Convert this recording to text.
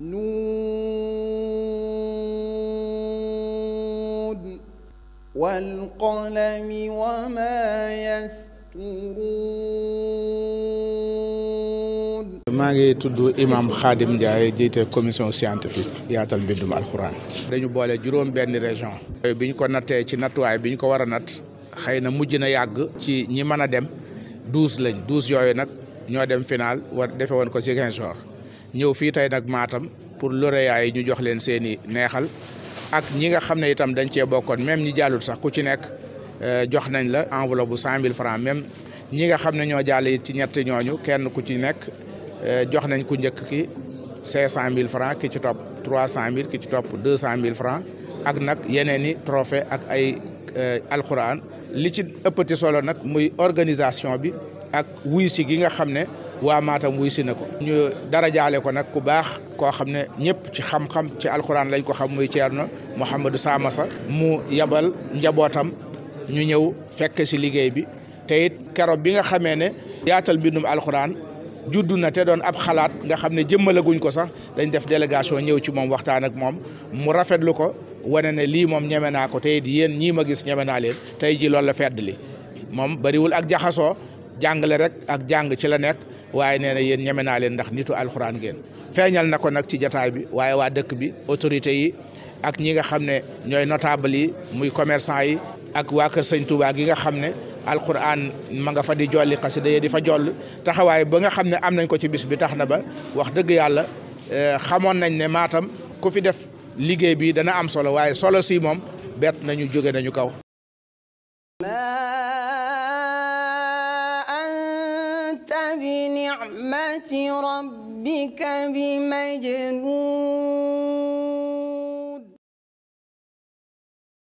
نون والقلم وما يسطرون maa ngi tudd imam Khadim Ndiaye jiite commission scientifique yaatal mbindum alxuraan. dañu boole juróom benn région. bi ñu ko nattee ci nattuwaay bi ñu ko war a natt xëy na mujj na yàgg. ci ñi mën a dem douze lañ douze yooyu nag ñoo dem final war defe woon ko Ziguinchor. ñëw fii tey nag maatam pour lauréats yi ñu jox leen seeni neexal ak ñi nga xam ne itam dañ cee bokkoon même ñi jàllut sax ku ci nekk euh, jox nañ la enveloppe bu cent mille francs même ñi nga xam ne ñoo jàll ci ñett ñooñu kenn ku ci nekk euh, jox nañ ku njëkk ki cinq cent mille francs ki ci topp trois cent mille ki ci topp deux cent mille francs ak nag yeneen i trophée ak ay euh, alquran li ci ëppati solo nag muy organisation bi ak wuy si gi nga xam ne waa maatam wuy si na ko ñu dara jaale ko nag ku baax koo xam ne ñëpp ci xam-xam ci alxuraan lañ ko xam muy Ceerno Mouhamadou Samassa mu yabal njabootam ñu ñëw fekk si liggéey bi te it keroog bi nga xamee ne yaatal mbindum alxuraan juddu na te doon ab xalaat nga xam ne jëmmalaguñ ko sax dañ def délégation ñëw ci moom waxtaan ak moom mu rafetlu ko wane ne lii moom ñeme naa ko te it yéen ñii ma gis ñeme naa leen tey ji loolu la fedd li moom bariwul ak jaxasoo jàngale rek ak jàng ci la nekk waaye nee na yéen ñeme naa leen ndax nitu alxuraan ngeen feeñal na ko nag ci jataay bi waaye waa dëkk bi autorité yi ak ñi nga xam ne ñooy notable yi muy commerçant yi ak waa Kër Sëñ Touba yi nga xam ne alxuraan ma nga fa di jolli xasida yi di fa joll taxawaay ba nga xam ne am nañ ko ci bis bi tax na ba wax dëgg yàlla eh, xamoon nañ ne maatam ku fi def liggéey bi dana am solo waaye solo si moom bett nañu jóge nañu kaw. بنعمة ربك بمجنون